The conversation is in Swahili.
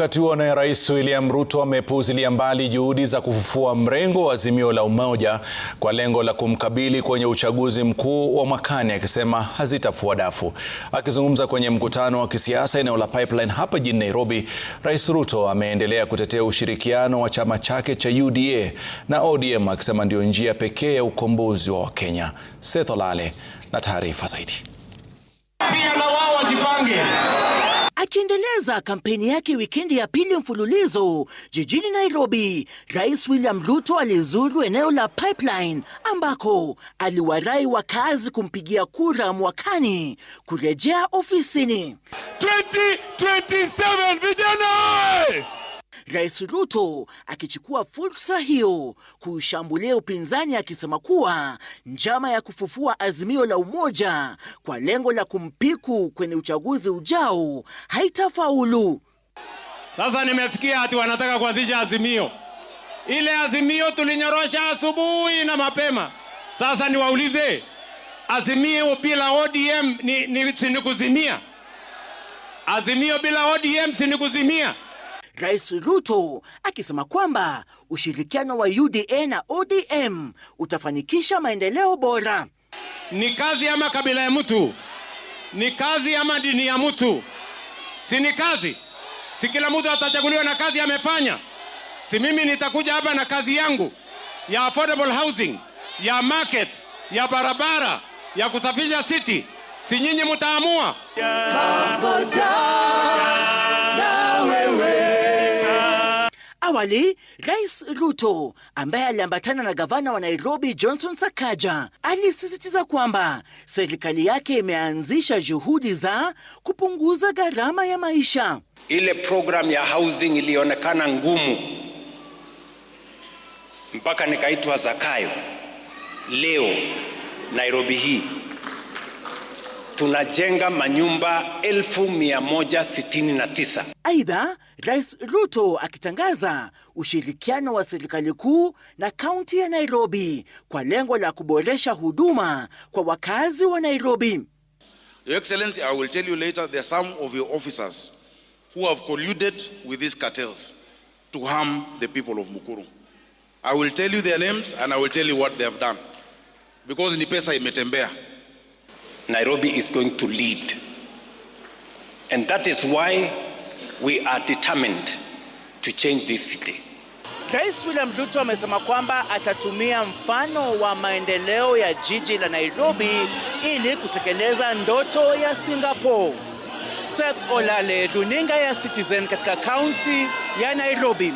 Wakati huo naye Rais William Ruto amepuuzilia mbali juhudi za kufufua mrengo wa Azimio la Umoja kwa lengo la kumkabili kwenye uchaguzi mkuu wa mwakani, akisema hazitafua dafu. Akizungumza kwenye mkutano wa kisiasa eneo la Pipeline hapa jijini Nairobi, Rais Ruto ameendelea kutetea ushirikiano wa chama chake cha UDA na ODM, akisema ndio njia pekee ya ukombozi wa Wakenya. Seth Olale na taarifa zaidi. Pia na wao wajipange. Akiendeleza kampeni yake wikendi ya pili mfululizo jijini Nairobi, Rais William Ruto alizuru eneo la Pipeline ambako aliwarai wakazi kumpigia kura mwakani kurejea ofisini 2027 vijana Rais Ruto akichukua fursa hiyo kuushambulia upinzani akisema kuwa njama ya kufufua azimio la umoja kwa lengo la kumpiku kwenye uchaguzi ujao haitafaulu. Sasa nimesikia ati wanataka kuanzisha azimio. Ile azimio tulinyorosha asubuhi na mapema. Sasa niwaulize, azimio bila ODM ni, ni, Azimio bila ODM sinikuzimia kuzimia? Rais Ruto akisema kwamba ushirikiano wa UDA na ODM utafanikisha maendeleo bora. Ni kazi ama kabila ya mtu? Ni kazi ama dini ya mtu? Si ni kazi? Si kila mtu atachaguliwa na kazi amefanya? Si mimi nitakuja hapa na kazi yangu ya affordable housing, ya markets, ya barabara, ya kusafisha city. Si nyinyi mtaamua? Yeah. awali, Rais Ruto ambaye aliambatana na gavana wa Nairobi Johnson Sakaja alisisitiza kwamba serikali yake imeanzisha juhudi za kupunguza gharama ya maisha. Ile programu ya housing ilionekana ngumu mpaka nikaitwa Zakayo. Leo Nairobi hii tunajenga manyumba 1169. Aidha, Rais Ruto akitangaza ushirikiano wa serikali kuu na kaunti ya Nairobi kwa lengo la kuboresha huduma kwa wakazi wa Nairobi. Your Excellency, I will tell you later there are some of your officers who have colluded with these cartels to harm the people of Mukuru. I will tell you their names and I will tell you what they have done because ni pesa imetembea. Nairobi is going to lead. And that is why we are determined to change this city. Rais William Ruto amesema kwamba atatumia mfano wa maendeleo ya jiji la Nairobi ili kutekeleza ndoto ya Singapore. Seth Olale, runinga ya Citizen katika kaunti ya Nairobi.